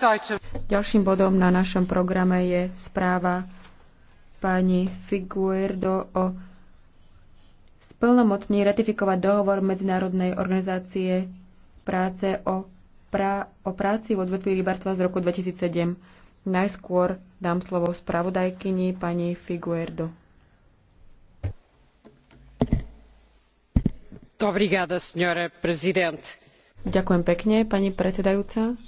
Ďalším bodom na našom programe je správa pani Figuerdo o splnomocní ratifikovať dohovor Medzinárodnej organizácie práce o, pra, o práci v odvetví rybarstva z roku 2007. Najskôr dám slovo spravodajkyni pani Figuerdo. Obrigada, Ďakujem pekne, pani predsedajúca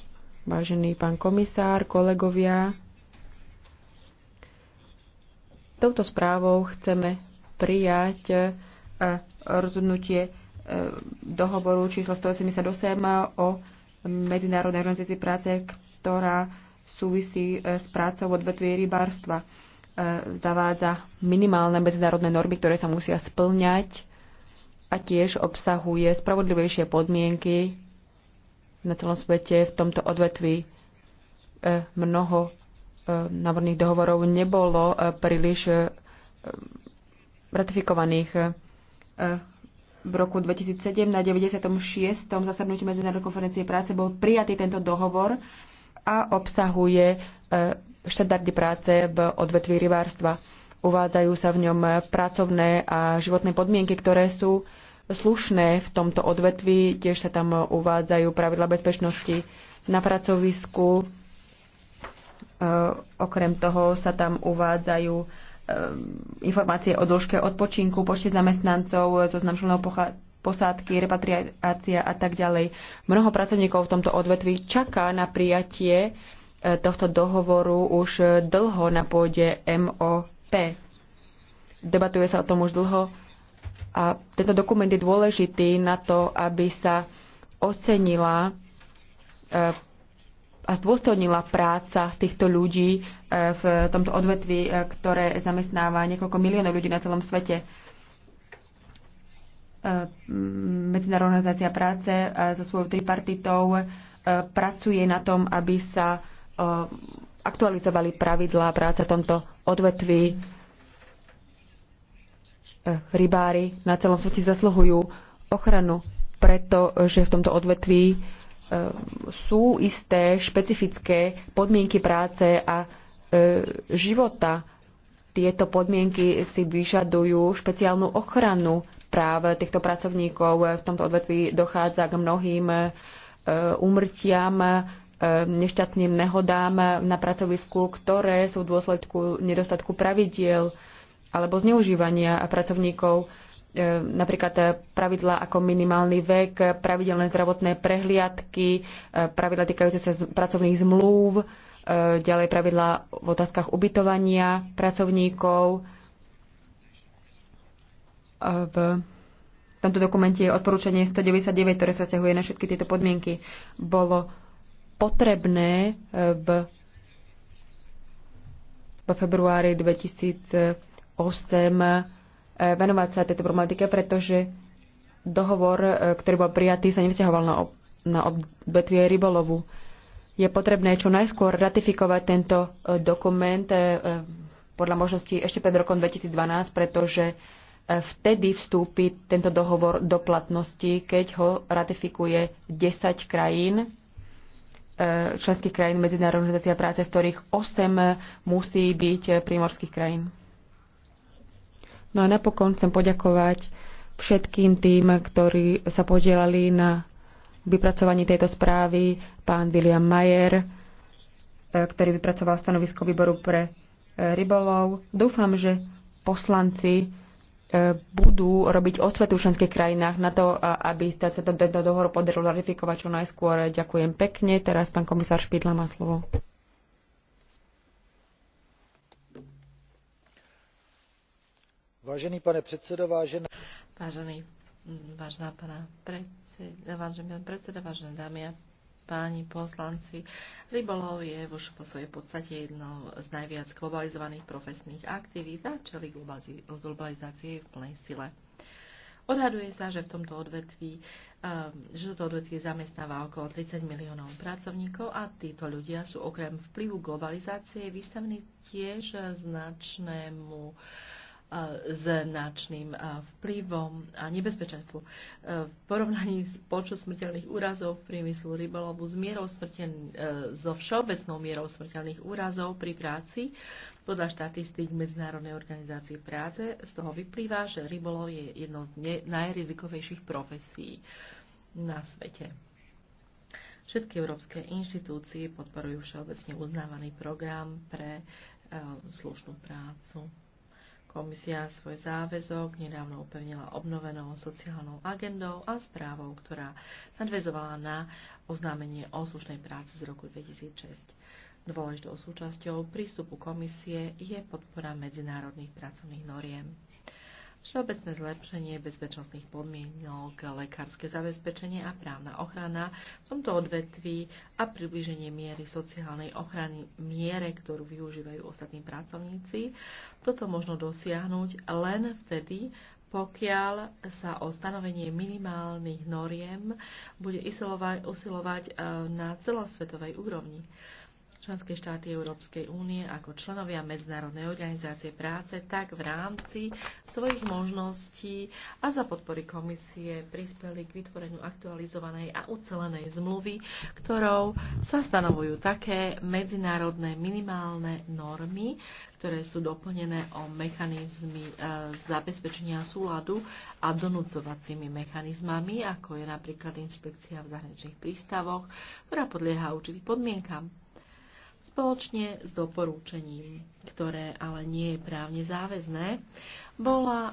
vážený pán komisár, kolegovia. Touto správou chceme prijať e, rozhodnutie e, dohovoru číslo 188 o Medzinárodnej organizácii práce, ktorá súvisí e, s prácou odvetví rybárstva. Zavádza minimálne medzinárodné normy, ktoré sa musia splňať a tiež obsahuje spravodlivejšie podmienky na celom svete v tomto odvetvi e, mnoho e, návodných dohovorov nebolo e, príliš ratifikovaných. V roku 2007 na 96. zasadnutí Medzinárodnej konferencie práce bol prijatý tento dohovor a obsahuje štandardy práce v odvetví rybárstva. Uvádzajú sa v ňom pracovné a životné podmienky, ktoré sú slušné v tomto odvetvi. Tiež sa tam uvádzajú pravidla bezpečnosti na pracovisku. E, okrem toho sa tam uvádzajú e, informácie o dĺžke odpočinku, počte zamestnancov, zoznam členov posádky, repatriácia a tak ďalej. Mnoho pracovníkov v tomto odvetvi čaká na prijatie e, tohto dohovoru už dlho na pôde MOP. Debatuje sa o tom už dlho a tento dokument je dôležitý na to, aby sa ocenila e, a zdôstojnila práca týchto ľudí e, v tomto odvetvi, e, ktoré zamestnáva niekoľko miliónov ľudí na celom svete. Medzinárodná organizácia práce so svojou tripartitou pracuje na tom, aby sa aktualizovali pravidlá práce v tomto odvetvi E, rybári na celom svete zasluhujú ochranu, pretože v tomto odvetví e, sú isté špecifické podmienky práce a e, života. Tieto podmienky si vyžadujú špeciálnu ochranu práv týchto pracovníkov. V tomto odvetví dochádza k mnohým úmrtiam, nešťastným nehodám na pracovisku, ktoré sú v dôsledku nedostatku pravidiel alebo zneužívania pracovníkov, e, napríklad pravidla ako minimálny vek, pravidelné zdravotné prehliadky, e, pravidla týkajúce sa pracovných zmluv, e, ďalej pravidla v otázkach ubytovania pracovníkov. V tomto dokumente je odporúčanie 199, ktoré sa ťahuje na všetky tieto podmienky. Bolo potrebné v, v februári 2000 E, venovať sa tejto problematike, pretože dohovor, e, ktorý bol prijatý, sa nevzťahoval na, ob- na odvetvie rybolovu. Je potrebné čo najskôr ratifikovať tento e, dokument podľa možností ešte pred rokom 2012, pretože vtedy vstúpi tento dohovor do platnosti, keď ho ratifikuje 10 krajín, členských krajín Medzinárodnej organizácie práce, z ktorých 8 musí byť primorských krajín. No a napokon chcem poďakovať všetkým tým, ktorí sa podielali na vypracovaní tejto správy, pán William Mayer, e, ktorý vypracoval stanovisko výboru pre e, rybolov. Dúfam, že poslanci e, budú robiť osvetu v členských krajinách na to, aby sa tento dohovor podarilo ratifikovať čo najskôr. Ďakujem pekne. Teraz pán komisár Špidla má slovo. Vážený pane predsedo, vážené... Vážený, vážená predseda, vážený pán vážené dámy a páni poslanci, rybolov je už po svojej podstate jednou z najviac globalizovaných profesných aktivít a čeli globalizácie v plnej sile. Odhaduje sa, že v tomto odvetví, ehm, že toto odvetví zamestnáva okolo 30 miliónov pracovníkov a títo ľudia sú okrem vplyvu globalizácie vystavení tiež značnému s značným vplyvom a nebezpečenstvu. E, v porovnaní s počtu smrteľných úrazov v priemyslu rybolovu s mierou smrteľ, e, so všeobecnou mierou smrteľných úrazov pri práci podľa štatistík Medzinárodnej organizácie práce z toho vyplýva, že rybolov je jednou z najrizikovejších profesí na svete. Všetky európske inštitúcie podporujú všeobecne uznávaný program pre e, slušnú prácu. Komisia svoj záväzok nedávno upevnila obnovenou sociálnou agendou a správou, ktorá nadvezovala na oznámenie o slušnej práci z roku 2006. Dôležitou súčasťou prístupu komisie je podpora medzinárodných pracovných noriem všeobecné zlepšenie bezpečnostných podmienok, lekárske zabezpečenie a právna ochrana v tomto odvetví a približenie miery sociálnej ochrany miere, ktorú využívajú ostatní pracovníci. Toto možno dosiahnuť len vtedy, pokiaľ sa o stanovenie minimálnych noriem bude usilovať eh, na celosvetovej úrovni členské štáty Európskej únie ako členovia Medzinárodnej organizácie práce, tak v rámci svojich možností a za podpory komisie prispeli k vytvoreniu aktualizovanej a ucelenej zmluvy, ktorou sa stanovujú také medzinárodné minimálne normy, ktoré sú doplnené o mechanizmy e, zabezpečenia súladu a donúcovacími mechanizmami, ako je napríklad inšpekcia v zahraničných prístavoch, ktorá podlieha určitým podmienkam spoločne s doporúčením, ktoré ale nie je právne záväzné, bola e,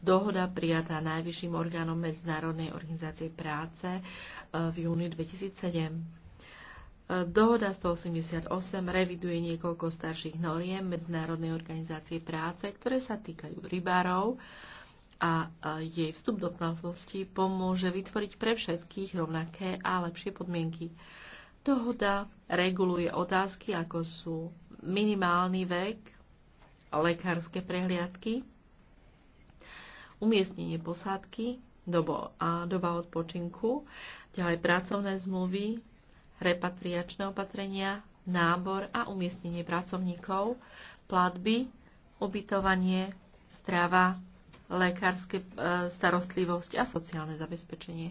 dohoda prijatá najvyšším orgánom Medzinárodnej organizácie práce e, v júni 2007. E, dohoda 188 reviduje niekoľko starších noriem Medzinárodnej organizácie práce, ktoré sa týkajú rybárov a jej vstup do platnosti pomôže vytvoriť pre všetkých rovnaké a lepšie podmienky. Dohoda reguluje otázky, ako sú minimálny vek, lekárske prehliadky, umiestnenie posádky, dobo a doba odpočinku, ďalej pracovné zmluvy, repatriačné opatrenia, nábor a umiestnenie pracovníkov, platby, ubytovanie, strava, lekárske e, starostlivosť a sociálne zabezpečenie.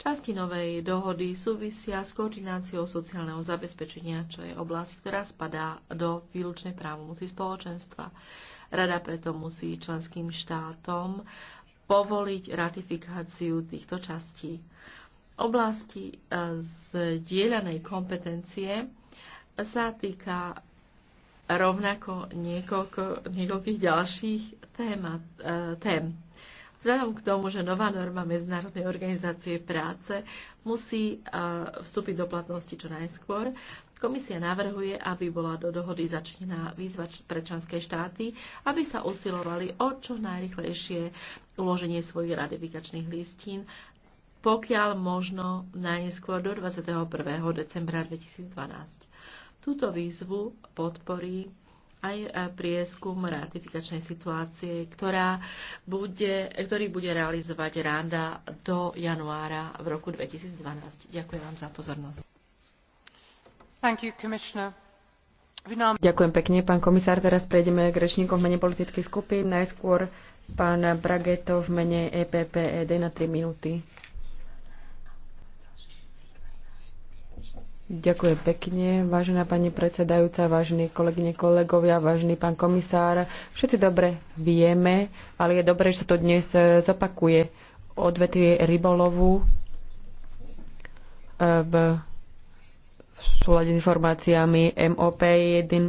Časti novej dohody súvisia s koordináciou sociálneho zabezpečenia, čo je oblasť, ktorá spadá do výlučnej právomoci spoločenstva. Rada preto musí členským štátom povoliť ratifikáciu týchto častí. Oblasti e, zdieľanej kompetencie sa týka rovnako niekoľko, niekoľkých ďalších témat, e, tém Vzhľadom k tomu, že nová norma Medzinárodnej organizácie práce musí e, vstúpiť do platnosti čo najskôr, komisia navrhuje, aby bola do dohody začnená výzva pre členské štáty, aby sa usilovali o čo najrychlejšie uloženie svojich ratifikačných listín pokiaľ možno najneskôr do 21. decembra 2012. Túto výzvu podporí aj e, prieskum ratifikačnej situácie, ktorá bude, ktorý bude realizovať Randa do januára v roku 2012. Ďakujem vám za pozornosť. Thank you, Ďakujem pekne, pán komisár. Teraz prejdeme k rečníkom v mene politických skupín. Najskôr pán Brageto v mene EPPED na 3 minúty. Ďakujem pekne, vážená pani predsedajúca, vážení kolegyne, kolegovia, vážený pán komisár. Všetci dobre vieme, ale je dobré, že sa to dnes e, zopakuje. Odvetvie rybolovu e, v súlade s informáciami MOP je jeden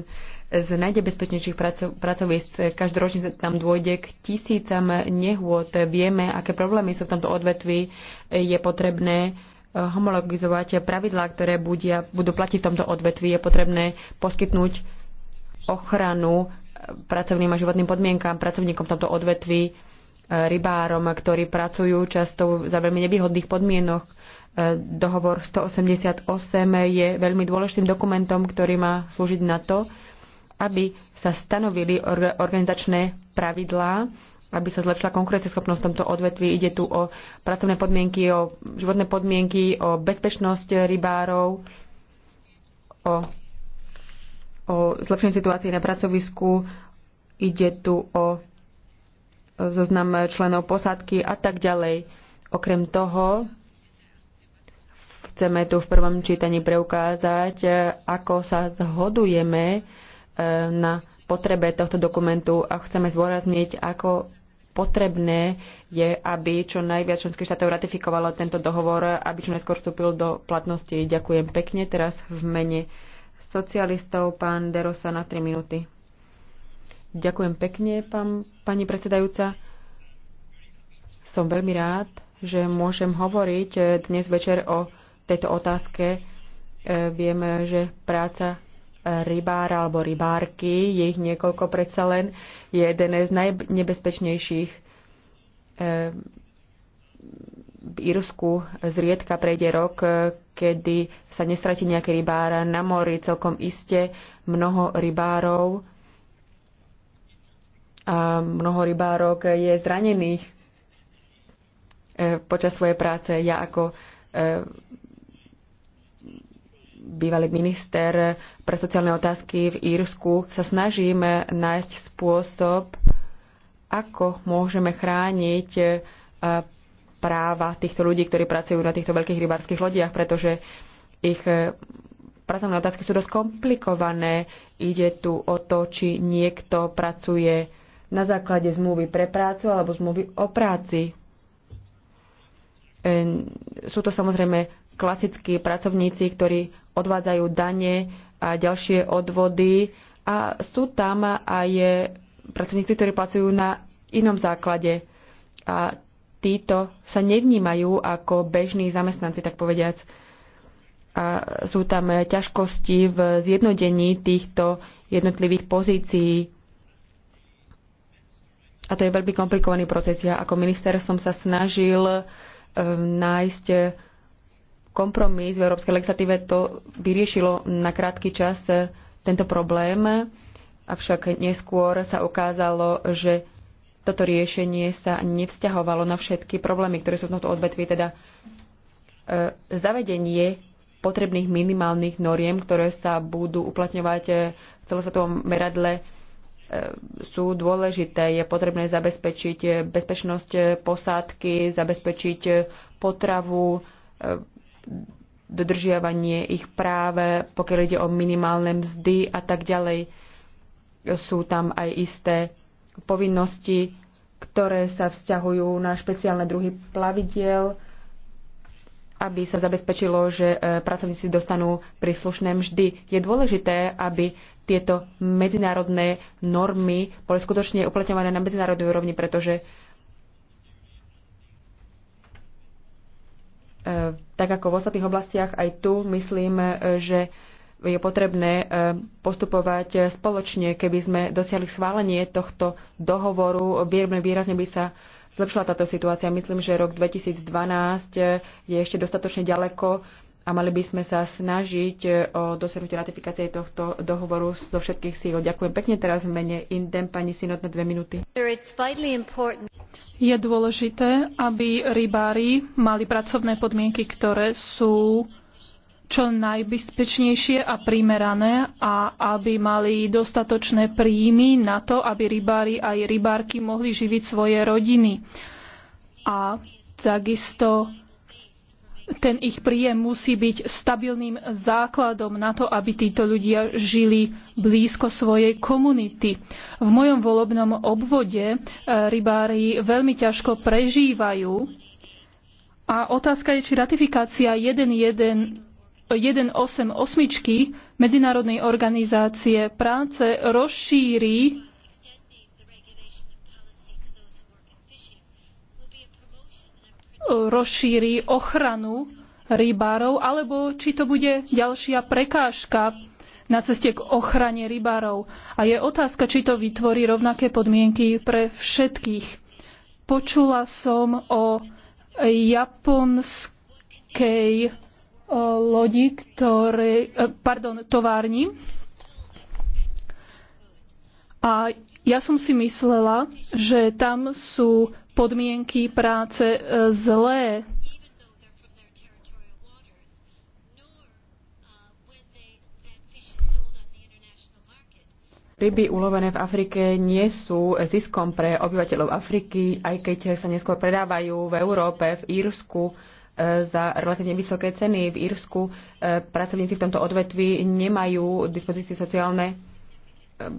z najnebezpečnejších pracovisk. Každoročne tam dôjde k tisícam nehôd. Vieme, aké problémy sú v tomto odvetvi. Je potrebné homologizovať pravidlá, ktoré budia, budú platiť v tomto odvetví. Je potrebné poskytnúť ochranu eh, pracovným a životným podmienkám pracovníkom v tomto odvetví, eh, rybárom, ktorí pracujú často za veľmi nevýhodných podmienok. Eh, dohovor 188 je veľmi dôležitým dokumentom, ktorý má slúžiť na to, aby sa stanovili organizačné pravidlá aby sa zlepšila konkurencieschopnosť v tomto odvetví. Ide tu o pracovné podmienky, o životné podmienky, o bezpečnosť rybárov, o, o zlepšenie situácie na pracovisku, ide tu o zoznam členov posádky a tak ďalej. Okrem toho chceme tu v prvom čítaní preukázať, ako sa zhodujeme e, na potrebe tohto dokumentu a chceme zdôrazniť, ako potrebné je, aby čo najviac členských štátov ratifikovalo tento dohovor, aby čo najskôr vstúpil do platnosti. Ďakujem pekne. Teraz v mene socialistov pán Derosa na 3 minúty. Ďakujem pekne, pán, pani predsedajúca. Som veľmi rád, že môžem hovoriť dnes večer o tejto otázke. E, Vieme, že práca rybára alebo rybárky, je ich niekoľko predsa len, je jeden z najnebezpečnejších. Eh, v Irsku zriedka prejde rok, eh, kedy sa nestratí nejaký rybára na mori, celkom iste mnoho rybárov a mnoho rybárok je zranených eh, počas svojej práce. Ja ako bývalý minister pre sociálne otázky v Írsku, sa snažíme nájsť spôsob, ako môžeme chrániť e, práva týchto ľudí, ktorí pracujú na týchto veľkých rybárskych lodiach, pretože ich e, pracovné otázky sú dosť komplikované. Ide tu o to, či niekto pracuje na základe zmluvy pre prácu alebo zmluvy o práci. E, sú to samozrejme klasickí pracovníci, ktorí odvádzajú dane a ďalšie odvody a sú tam aj pracovníci, ktorí pracujú na inom základe a títo sa nevnímajú ako bežní zamestnanci, tak povediac. A sú tam ťažkosti v zjednodení týchto jednotlivých pozícií. A to je veľmi komplikovaný proces. Ja ako minister som sa snažil ehm, nájsť kompromis v európskej legislatíve, to vyriešilo na krátky čas e, tento problém, avšak neskôr sa ukázalo, že toto riešenie sa nevzťahovalo na všetky problémy, ktoré sú v tomto odvetví, teda e, zavedenie potrebných minimálnych noriem, ktoré sa budú uplatňovať e, v celosvetovom meradle, sú dôležité. Je potrebné zabezpečiť bezpečnosť posádky, zabezpečiť potravu, dodržiavanie ich práve, pokiaľ ide o minimálne mzdy a tak ďalej. Sú tam aj isté povinnosti, ktoré sa vzťahujú na špeciálne druhy plavidiel, aby sa zabezpečilo, že e, pracovníci dostanú príslušné mzdy. Je dôležité, aby tieto medzinárodné normy boli skutočne uplatňované na medzinárodnej úrovni, pretože e, tak ako v ostatných oblastiach, aj tu myslím, že je potrebné e, postupovať spoločne. Keby sme dosiahli schválenie tohto dohovoru, výrazne by sa zlepšila táto situácia. Myslím, že rok 2012 e, je ešte dostatočne ďaleko a mali by sme sa snažiť e, o dosiahnutie ratifikácie tohto dohovoru zo všetkých síl. Ďakujem pekne teraz v mene Indem, pani Sinot, na dve minúty. Je dôležité, aby rybári mali pracovné podmienky, ktoré sú čo najbezpečnejšie a primerané a aby mali dostatočné príjmy na to, aby rybári aj rybárky mohli živiť svoje rodiny. A takisto ten ich príjem musí byť stabilným základom na to, aby títo ľudia žili blízko svojej komunity. V mojom volebnom obvode e, rybári veľmi ťažko prežívajú a otázka je, či ratifikácia 1.1 188 Medzinárodnej organizácie práce rozšíri rozšíri ochranu rybárov, alebo či to bude ďalšia prekážka na ceste k ochrane rybárov. A je otázka, či to vytvorí rovnaké podmienky pre všetkých. Počula som o japonskej lodi, ktoré, eh, pardon, továrni, a ja som si myslela, že tam sú podmienky práce e, zlé. Ryby ulovené v Afrike nie sú ziskom pre obyvateľov Afriky, aj keď sa neskôr predávajú v Európe, v Írsku e, za relatívne vysoké ceny. V Írsku e, pracovníci v tomto odvetvi nemajú dispozície sociálne Ehm,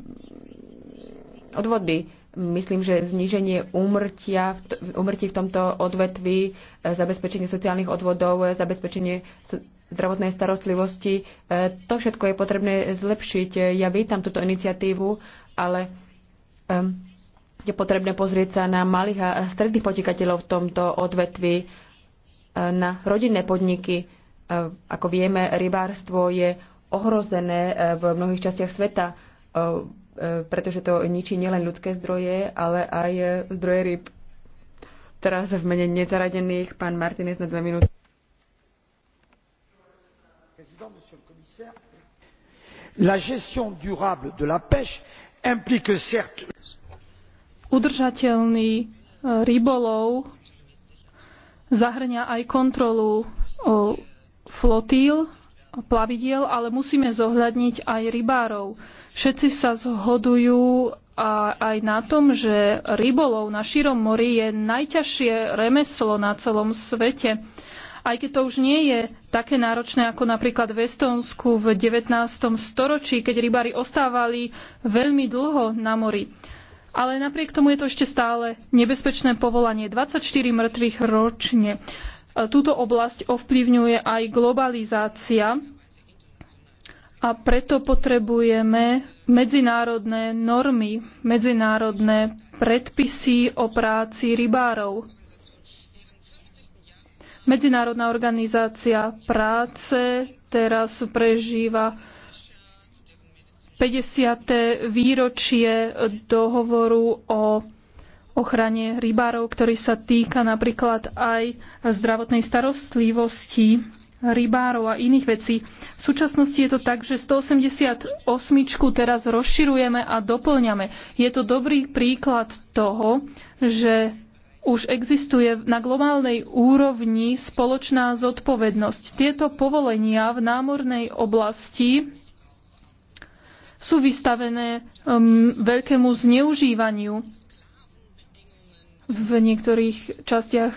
odvody. Myslím, že zníženie úmrtia, úmrtí v tomto odvetvi, e, zabezpečenie sociálnych odvodov, e, zabezpečenie zdravotnej starostlivosti, e, to všetko je potrebné zlepšiť. Ja vítam túto iniciatívu, ale ehm, je potrebné pozrieť sa na malých a stredných podnikateľov v tomto odvetvi, na rodinné podniky. Ako vieme, rybárstvo je ohrozené v mnohých častiach sveta E, pretože to ničí nielen ľudské zdroje, ale aj zdroje ryb. Teraz v mene nezaradených pán Martinez na dve minúty. La gestion durable de la pêche implique certes udržateľný e, rybolov zahrňa aj kontrolu e, flotíl plavidiel, ale musíme zohľadniť aj rybárov. Všetci sa zhodujú a aj na tom, že rybolov na širom mori je najťažšie remeslo na celom svete. Aj keď to už nie je také náročné ako napríklad v Estonsku v 19. storočí, keď rybári ostávali veľmi dlho na mori. Ale napriek tomu je to ešte stále nebezpečné povolanie. 24 mŕtvych ročne. E, túto oblasť ovplyvňuje aj globalizácia a preto potrebujeme medzinárodné normy, medzinárodné predpisy o práci rybárov. Medzinárodná organizácia práce teraz prežíva 50. výročie dohovoru o ochrane rybárov, ktorý sa týka napríklad aj zdravotnej starostlivosti rybárov a iných vecí. V súčasnosti je to tak, že 188 teraz rozširujeme a doplňame. Je to dobrý príklad toho, že už existuje na globálnej úrovni spoločná zodpovednosť. Tieto povolenia v námornej oblasti sú vystavené um, veľkému zneužívaniu v niektorých častiach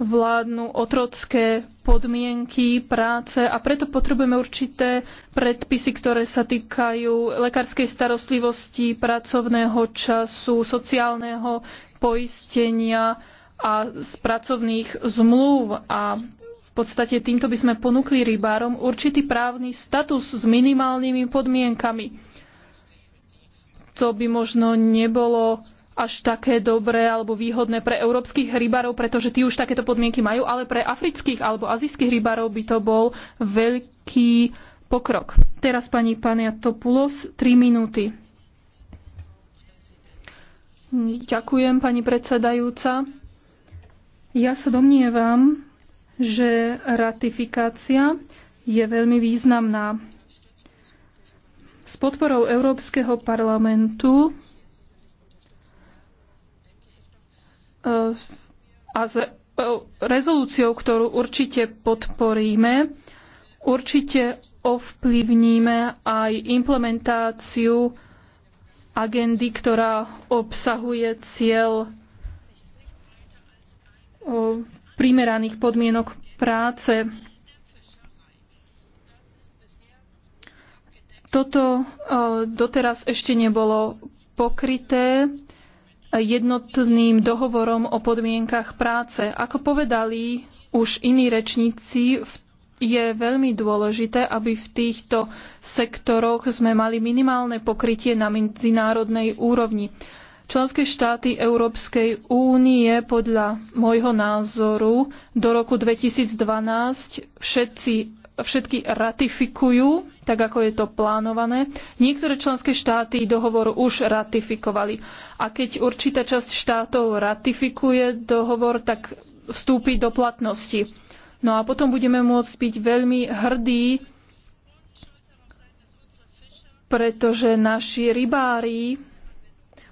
vládnu otrocké podmienky práce a preto potrebujeme určité predpisy, ktoré sa týkajú lekárskej starostlivosti, pracovného času, sociálneho poistenia a z pracovných zmluv a v podstate týmto by sme ponúkli rybárom určitý právny status s minimálnymi podmienkami. To by možno nebolo až také dobré alebo výhodné pre európskych rybárov, pretože tí už takéto podmienky majú, ale pre afrických alebo azijských rybárov by to bol veľký pokrok. Teraz pani Pania Topulos, 3 minúty. Ďakujem, pani predsedajúca. Ja sa domnievam, že ratifikácia je veľmi významná. S podporou Európskeho parlamentu Eh, a s eh, rezolúciou, ktorú určite podporíme, určite ovplyvníme aj implementáciu agendy, ktorá obsahuje cieľ eh, primeraných podmienok práce. Toto doteraz ešte nebolo pokryté jednotným dohovorom o podmienkach práce. Ako povedali už iní rečníci, je veľmi dôležité, aby v týchto sektoroch sme mali minimálne pokrytie na medzinárodnej úrovni. Členské štáty Európskej únie podľa môjho názoru do roku 2012 všetci všetky ratifikujú, tak ako je to plánované. Niektoré členské štáty dohovor už ratifikovali. A keď určitá časť štátov ratifikuje dohovor, tak vstúpi do platnosti. No a potom budeme môcť byť veľmi hrdí, pretože naši rybári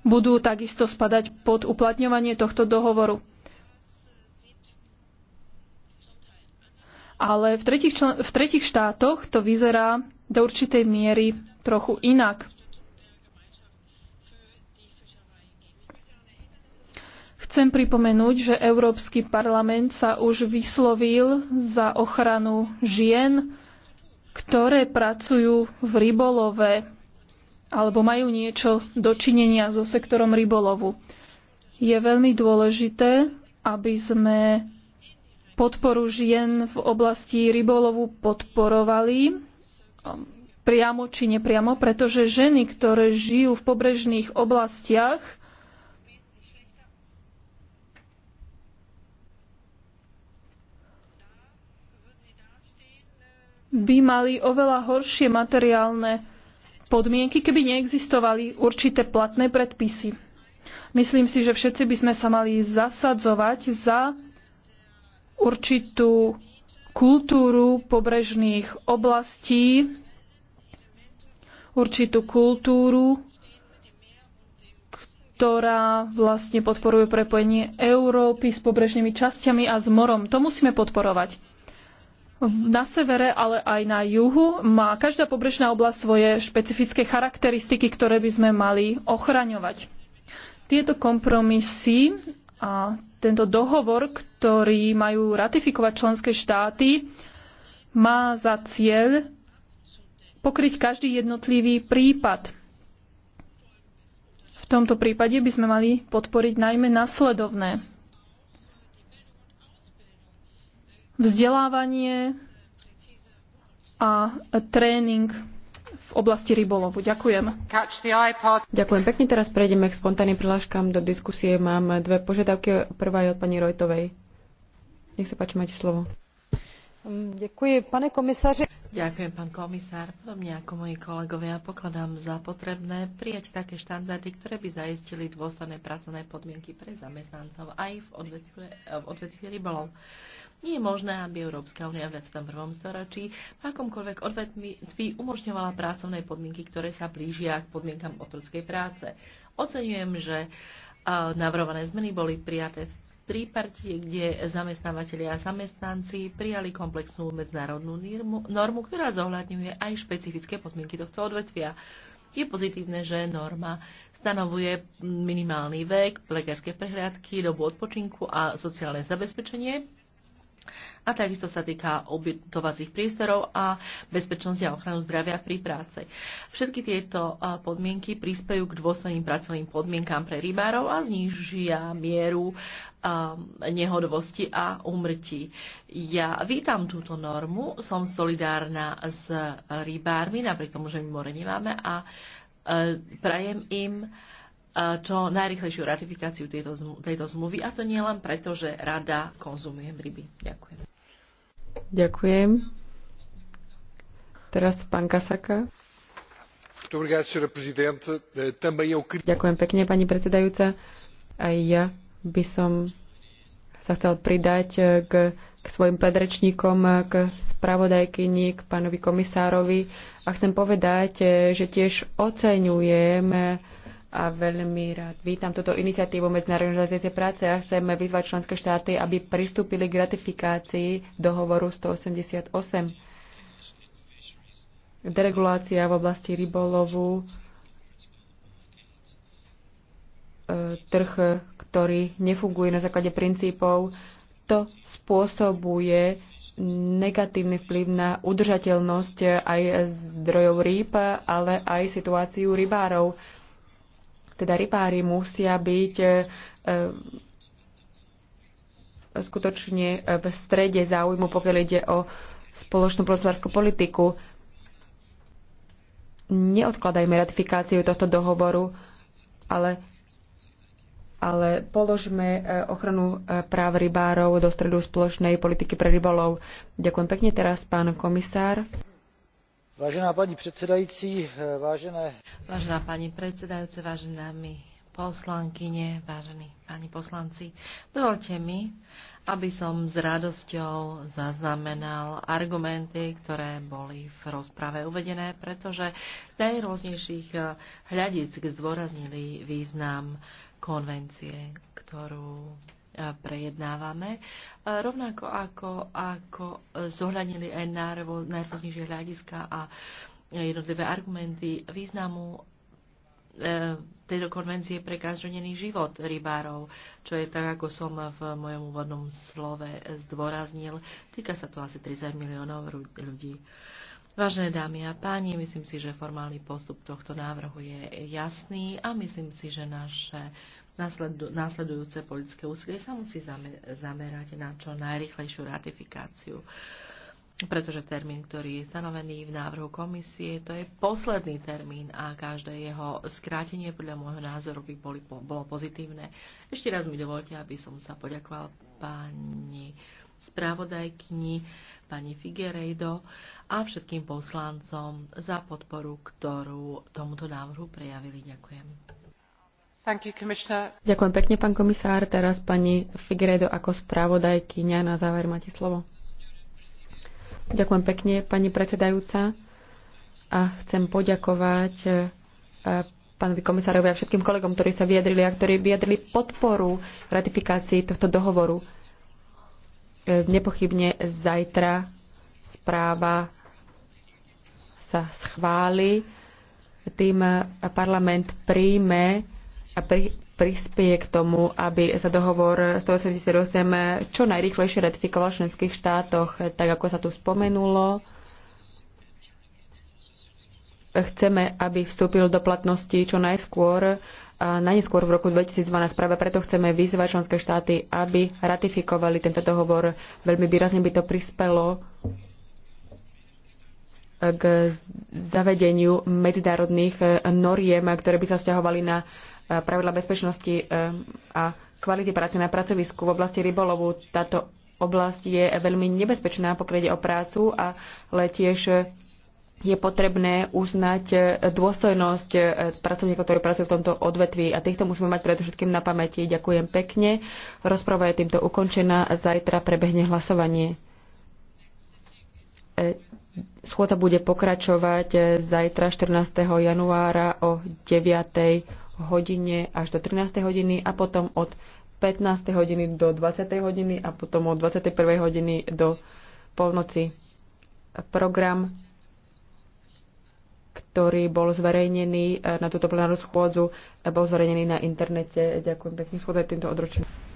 budú takisto spadať pod uplatňovanie tohto dohovoru. ale v tretich, člen- v tretich štátoch to vyzerá do určitej miery trochu inak. Chcem pripomenúť, že Európsky parlament sa už vyslovil za ochranu žien, ktoré pracujú v rybolove alebo majú niečo dočinenia so sektorom rybolovu. Je veľmi dôležité, aby sme podporu žien v oblasti rybolovu podporovali um, priamo či nepriamo, pretože ženy, ktoré žijú v pobrežných oblastiach, by mali oveľa horšie materiálne podmienky, keby neexistovali určité platné predpisy. Myslím si, že všetci by sme sa mali zasadzovať za určitú kultúru pobrežných oblastí, určitú kultúru, ktorá vlastne podporuje prepojenie Európy s pobrežnými časťami a s morom. To musíme podporovať. Na severe, ale aj na juhu má každá pobrežná oblasť svoje špecifické charakteristiky, ktoré by sme mali ochraňovať. Tieto kompromisy a tento dohovor, ktorý majú ratifikovať členské štáty, má za cieľ pokryť každý jednotlivý prípad. V tomto prípade by sme mali podporiť najmä nasledovné. Vzdelávanie a tréning v oblasti rybolovu. Ďakujem. Ďakujem pekne. Teraz prejdeme k spontánnym prihláškam do diskusie. Mám dve požiadavky. Prvá je od pani Rojtovej. Nech sa páči, máte slovo. Mm, ďakujem, pane komisáři. Ďakujem, pán komisár. Podobne ako moji kolegovia pokladám za potrebné prijať také štandardy, ktoré by zaistili dôstojné pracovné podmienky pre zamestnancov aj v v odvetví rybolov. Nie je možné, aby Európska únia v 21. storočí v akomkoľvek odvetví umožňovala pracovné podmienky, ktoré sa blížia k podmienkam otrockej práce. Oceňujem, že navrhované zmeny boli prijaté v prípade, kde zamestnávateľi a zamestnanci prijali komplexnú medzinárodnú normu, ktorá zohľadňuje aj špecifické podmienky tohto odvetvia. Je pozitívne, že norma stanovuje minimálny vek, lekárske prehliadky, dobu odpočinku a sociálne zabezpečenie, a takisto sa týka obytovacích priestorov a bezpečnosti a ochranu zdravia pri práci. Všetky tieto podmienky prispejú k dôstojným pracovným podmienkám pre rybárov a znižia mieru nehodovosti a umrtí. Ja vítam túto normu, som solidárna s rybármi, napriek tomu, že my more nemáme a prajem im E, čo najrychlejšiu ratifikáciu tejto, tejto zmluvy. A to nie len preto, že rada konzumujem ryby. Ďakujem. Ďakujem. Teraz pán Kasaka. Eh, Ďakujem pekne, pani predsedajúca. Aj ja by som sa chcel pridať eh, k, k svojim predrečníkom, eh, k spravodajkyni, k pánovi komisárovi a chcem povedať, že tiež oceňujem a veľmi rád vítam túto iniciatívu Medzinárodnej organizácie práce a chceme vyzvať členské štáty, aby pristúpili k ratifikácii dohovoru 188. Deregulácia v oblasti rybolovu, e, trh, ktorý nefunguje na základe princípov, to spôsobuje negatívny vplyv na udržateľnosť aj zdrojov rýb, ale aj situáciu rybárov teda rybári musia byť e, e, skutočne v strede záujmu, pokiaľ ide o spoločnú plotárskú politiku. Neodkladajme ratifikáciu tohto dohovoru, ale, ale položme e, ochranu práv rybárov do stredu spoločnej politiky pre rybolov. Ďakujem pekne teraz, pán komisár. Vážená pani predsedajúci, vážené... Vážená pani predsedajúce, vážená mi poslankyne, vážení páni poslanci, dovolte mi, aby som s radosťou zaznamenal argumenty, ktoré boli v rozprave uvedené, pretože z najrôznejších eh, hľadisk zdôraznili význam konvencie, ktorú prejednávame. Rovnako ako, ako zohľadnili aj najrôznejšie hľadiska a jednotlivé argumenty významu e, tejto konvencie pre každodenný život rybárov, čo je tak, ako som v mojom úvodnom slove zdôraznil. Týka sa to asi 30 miliónov ľudí. Vážené dámy a páni, myslím si, že formálny postup tohto návrhu je jasný a myslím si, že naše následujúce politické úsilie sa musí zamerať na čo najrychlejšiu ratifikáciu pretože termín, ktorý je stanovený v návrhu komisie, to je posledný termín a každé jeho skrátenie podľa môjho názoru by boli, bolo pozitívne. Ešte raz mi dovolte, aby som sa poďakoval pani správodajkyni, pani Figueiredo a všetkým poslancom za podporu, ktorú tomuto návrhu prejavili. Ďakujem. Ďakujem pekne, pán komisár. Teraz pani Figueredo ako spravodajkyňa. Na záver máte slovo. Ďakujem pekne, pani predsedajúca. A chcem poďakovať e, pánovi komisárovi a všetkým kolegom, ktorí sa vyjadrili a ktorí vyjadrili podporu ratifikácii tohto dohovoru. E, nepochybne zajtra správa sa schváli, tým e, parlament príjme a pri, prispieje k tomu, aby sa dohovor 188 čo najrýchlejšie ratifikoval v členských štátoch, tak ako sa tu spomenulo. Chceme, aby vstúpil do platnosti čo najskôr, najneskôr v roku 2012. Práve preto chceme vyzvať členské štáty, aby ratifikovali tento dohovor. Veľmi výrazne by to prispelo k zavedeniu medzinárodných noriem, ktoré by sa stiahovali na pravidla bezpečnosti eh, a kvality práce na pracovisku v oblasti rybolovu. Táto oblasť je veľmi nebezpečná, pokiaľ o prácu, ale tiež je potrebné uznať eh, dôstojnosť eh, pracovníkov, ktorí pracujú v tomto odvetví a týchto musíme mať predovšetkým na pamäti. Ďakujem pekne. Rozprava je týmto ukončená. Zajtra prebehne hlasovanie. Schôdza bude pokračovať zajtra 14. januára o 9 hodine až do 13. hodiny a potom od 15. hodiny do 20. hodiny a potom od 21. hodiny do polnoci. Program, ktorý bol zverejnený eh, na túto plenárnu schôdzu, eh, bol zverejnený na internete. Ďakujem pekne, schôdza týmto odročením.